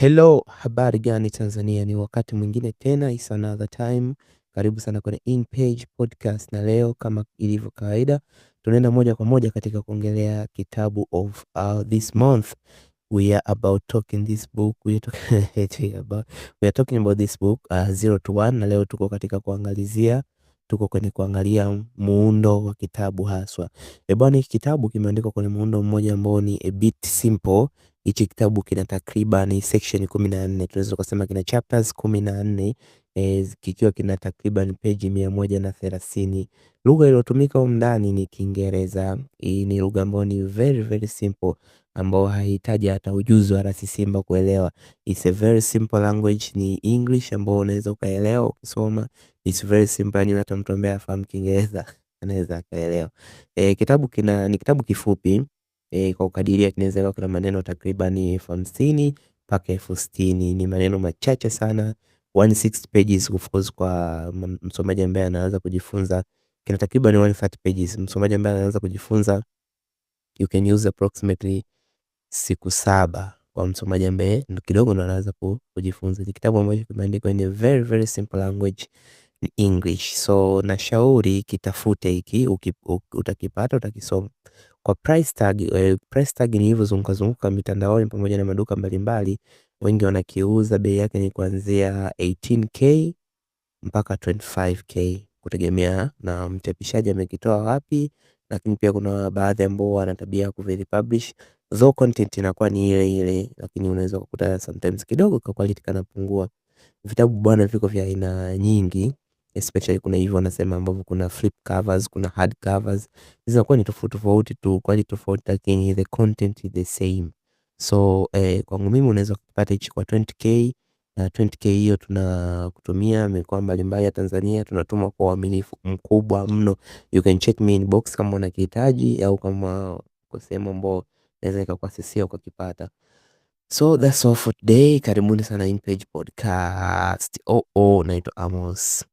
Hello, habari gani Tanzania? Ni wakati mwingine tena, is another time. Karibu sana kwenye In Page Podcast, na leo kama ilivyo kawaida, tunaenda moja kwa moja katika kuongelea kitabu of uh, this month we are about talking this book we are talking about, we are talking about this book uh, zero to one, na leo tuko katika kuangalizia tuko kwenye kuangalia muundo wa kitabu haswa. ebani kitabu kimeandikwa kwenye muundo mmoja ambao ni a bit simple Hichi kitabu kina takriban section 14 tunaweza kusema kina chapters 14 eh, kikiwa kina takriban peji 130 Lugha iliyotumika huko ndani ni Kiingereza. Hii ni lugha ambayo ni very very simple ambao hahitaji hata ujuzi wa rasi simba kuelewa. It's a very simple language, ni English ambao unaweza ukaelewa ukisoma. It's very simple, yani hata mtu ambaye afahamu Kiingereza anaweza akaelewa. E, kitabu kina ni kitabu kifupi e, kwa kukadiria kinaweza kuna maneno takriban elfu hamsini mpaka elfu sitini ni maneno machache sana 160 pages of course kwa msomaji ambaye anaanza kujifunza kina takriban 130 pages msomaji ambaye anaanza kujifunza you can use approximately siku saba kwa msomaji ambaye kidogo ndo anaanza kujifunza. Ni kitabu ambacho kimeandikwa in a very very simple language. English. So nashauri kitafute hiki utakipata utakisoma. Kwa price tag, eh, price tag ni hivyo zunguka mitandaoni pamoja na maduka mbalimbali wengi wanakiuza bei yake ni kuanzia 18k mpaka 25k kutegemea na mchapishaji amekitoa wapi, lakini pia kuna baadhi ambao wana tabia ya kuvirepublish though content inakuwa ni ile ile lakini unaweza kukuta sometimes kidogo kwa quality kanapungua. Vitabu bwana viko vya aina nyingi especially kuna hivyo wanasema ambavyo kuna flip covers, kuna hard covers, zinakuwa ni tofauti tofauti tu kwa ajili tofauti, lakini the content is the same. So eh, kwangu mimi unaweza kupata hichi kwa 20k na 20k hiyo tuna kutumia mikoa mbalimbali ya Tanzania, tunatuma kwa uaminifu mkubwa mno. You can check me inbox kama unakihitaji au kama kwa sehemu ambayo naweza nikakuasisia ukakipata. So that's all for today. Karibuni sana Inpage Podcast. Oh, oh, naitwa Amos.